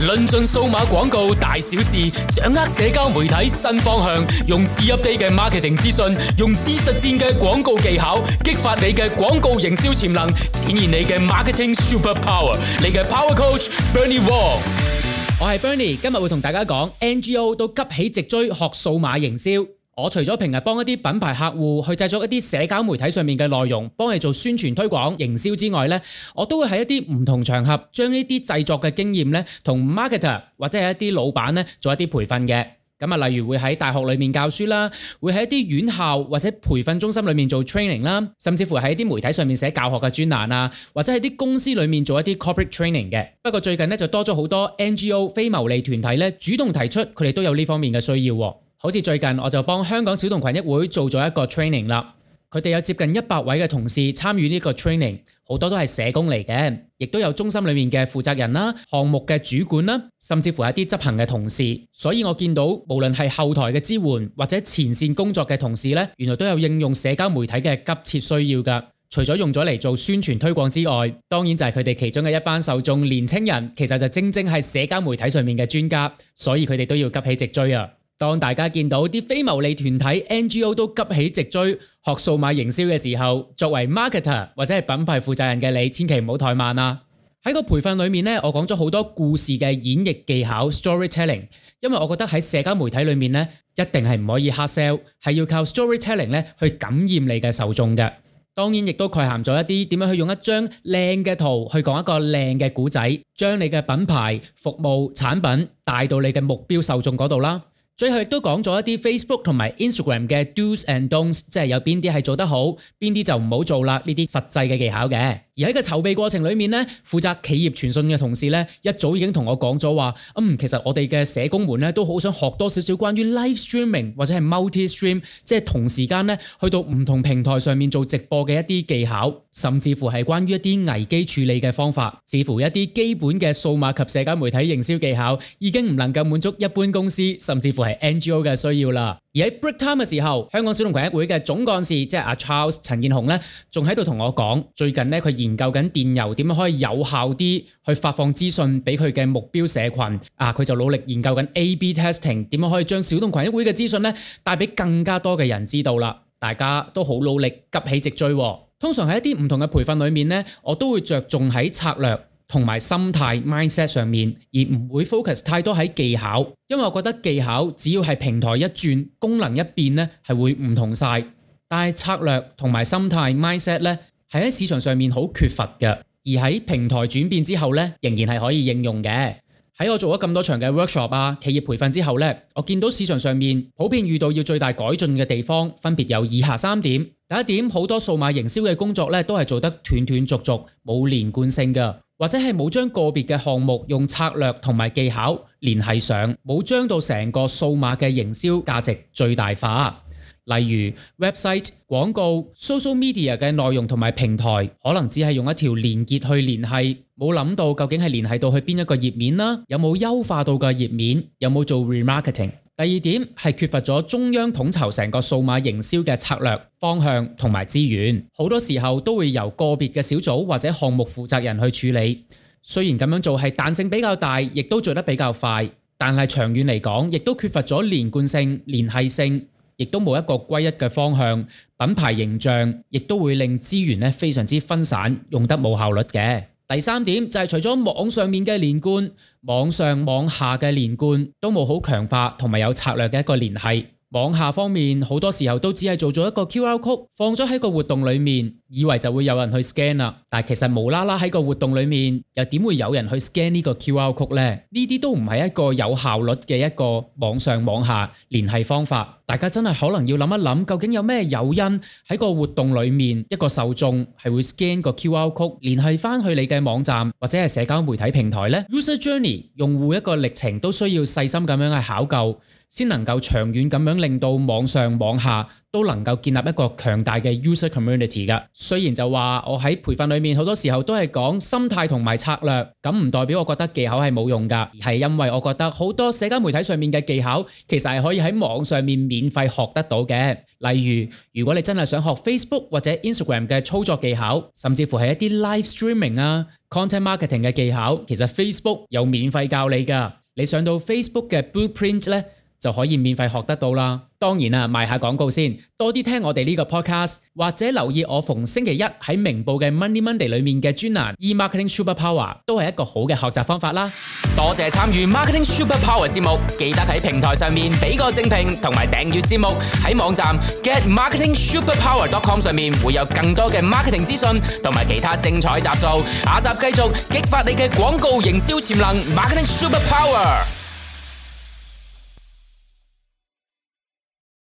論盡數碼廣告大小事，掌握社交媒體新方向，用最 update 嘅 marketing 資訊，用最實戰嘅廣告技巧，激發你嘅廣告營銷潛能，展現你嘅 marketing super power。你嘅 power coach Bernie Wong，我係 Bernie，今日會同大家講 NGO 都急起直追學數碼營銷。我除咗平日幫一啲品牌客戶去製作一啲社交媒體上面嘅內容，幫你做宣傳推廣、營銷之外呢，我都會喺一啲唔同場合將呢啲製作嘅經驗呢，同 marketer 或者係一啲老闆呢做一啲培訓嘅。咁啊，例如會喺大學裏面教書啦，會喺一啲院校或者培訓中心裏面做 training 啦，甚至乎喺啲媒體上面寫教學嘅專欄啊，或者喺啲公司裏面做一啲 corporate training 嘅。不過最近呢，就多咗好多 NGO 非牟利團體呢主動提出，佢哋都有呢方面嘅需要。好似最近我就幫香港小童群益會做咗一個 training 啦，佢哋有接近一百位嘅同事參與呢個 training，好多都係社工嚟嘅，亦都有中心裏面嘅負責人啦、項目嘅主管啦、啊，甚至乎一啲執行嘅同事。所以我見到無論係後台嘅支援或者前綫工作嘅同事呢，原來都有應用社交媒體嘅急切需要噶。除咗用咗嚟做宣傳推廣之外，當然就係佢哋其中嘅一班受眾年青人，其實就正正係社交媒體上面嘅專家，所以佢哋都要急起直追啊！當大家見到啲非牟利團體 NGO 都急起直追學數碼營銷嘅時候，作為 marketer 或者係品牌負責人嘅你，千祈唔好怠慢啦。喺個培訓裏面咧，我講咗好多故事嘅演繹技巧 （storytelling），因為我覺得喺社交媒體裏面咧，一定係唔可以 hard sell，係要靠 storytelling 咧去感染你嘅受眾嘅。當然，亦都概含咗一啲點樣去用一張靚嘅圖去講一個靚嘅故仔，將你嘅品牌、服務、產品帶到你嘅目標受眾嗰度啦。最後亦都講咗一啲 Facebook 同埋 Instagram 嘅 dos and don'ts 即係有邊啲係做得好，邊啲就唔好做啦。呢啲實際嘅技巧嘅。而喺個籌備過程裡面呢，負責企業傳訊嘅同事呢，一早已經同我講咗話，嗯，其實我哋嘅社工們呢，都好想學多少少關於 live streaming 或者係 multi-stream，即係同時間呢，去到唔同平台上面做直播嘅一啲技巧，甚至乎係關於一啲危機處理嘅方法，似乎一啲基本嘅數碼及社交媒體營銷技巧，已經唔能夠滿足一般公司，甚至乎。NGO 嘅需要啦，而喺 break time 嘅時候，香港小童群益會嘅總幹事即係阿 Charles 陳建雄咧，仲喺度同我講，最近咧佢研究緊電郵點樣可以有效啲去發放資訊俾佢嘅目標社群啊，佢就努力研究緊 A/B testing 點樣可以將小童群益會嘅資訊咧帶俾更加多嘅人知道啦，大家都好努力急起直追哦。通常喺一啲唔同嘅培訓裏面咧，我都會着重喺策略。同埋心態 mindset 上面，而唔會 focus 太多喺技巧，因為我覺得技巧只要係平台一轉，功能一變呢係會唔同晒。但係策略同埋心態 mindset 呢，係喺市場上面好缺乏嘅。而喺平台轉變之後呢，仍然係可以應用嘅。喺我做咗咁多場嘅 workshop 啊，企業培訓之後呢，我見到市場上面普遍遇到要最大改進嘅地方，分別有以下三點。第一點，好多數碼營銷嘅工作呢，都係做得斷斷續續，冇連貫性嘅。或者係冇將個別嘅項目用策略同埋技巧聯繫上，冇將到成個數碼嘅營銷價值最大化。例如 website 廣告、social media 嘅內容同埋平台，可能只係用一條連結去聯繫，冇諗到究竟係聯繫到去邊一個頁面啦，有冇優化到嘅頁面，有冇做 remarketing。第二點係缺乏咗中央統籌成個數碼營銷嘅策略方向同埋資源，好多時候都會由個別嘅小組或者項目負責人去處理。雖然咁樣做係彈性比較大，亦都做得比較快，但係長遠嚟講，亦都缺乏咗連貫性、連繫性，亦都冇一個歸一嘅方向。品牌形象亦都會令資源咧非常之分散，用得冇效率嘅。第三點就係除咗網上面嘅連貫，網上網下嘅連貫都冇好強化，同埋有策略嘅一個聯繫。網下方面好多時候都只係做咗一個 QR Code，放咗喺個活動裏面。以為就會有人去 scan 啦，但係其實無啦啦喺個活動裡面又點會有人去 scan 呢個 QR code 呢？呢啲都唔係一個有效率嘅一個網上網下聯繫方法。大家真係可能要諗一諗，究竟有咩誘因喺個活動裡面一個受眾係會 scan 個 QR code，聯繫翻去你嘅網站或者係社交媒體平台呢？User journey 用戶一個歷程都需要細心咁樣去考究，先能夠長遠咁樣令到網上網下。都能夠建立一個強大嘅 user community 㗎。雖然就話我喺培訓裡面好多時候都係講心態同埋策略，咁唔代表我覺得技巧係冇用㗎。係因為我覺得好多社交媒體上面嘅技巧，其實係可以喺網上面免費學得到嘅。例如，如果你真係想學 Facebook 或者 Instagram 嘅操作技巧，甚至乎係一啲 live streaming 啊、content marketing 嘅技巧，其實 Facebook 有免費教你㗎。你上到 Facebook 嘅 Blueprint 咧。就可以免費學得到啦！當然啦，賣下廣告先，多啲聽我哋呢個 podcast，或者留意我逢星期一喺明報嘅 Money Monday 裏面嘅專欄《E Marketing Super Power》，都係一個好嘅學習方法啦！多謝參與《Marketing Super Power》節目，記得喺平台上面俾個正評同埋訂閱節目。喺網站 Get Marketing Super Power.com 上面會有更多嘅 marketing 資訊同埋其他精彩集數。下集繼續激發你嘅廣告營銷潛能，Marketing Super Power！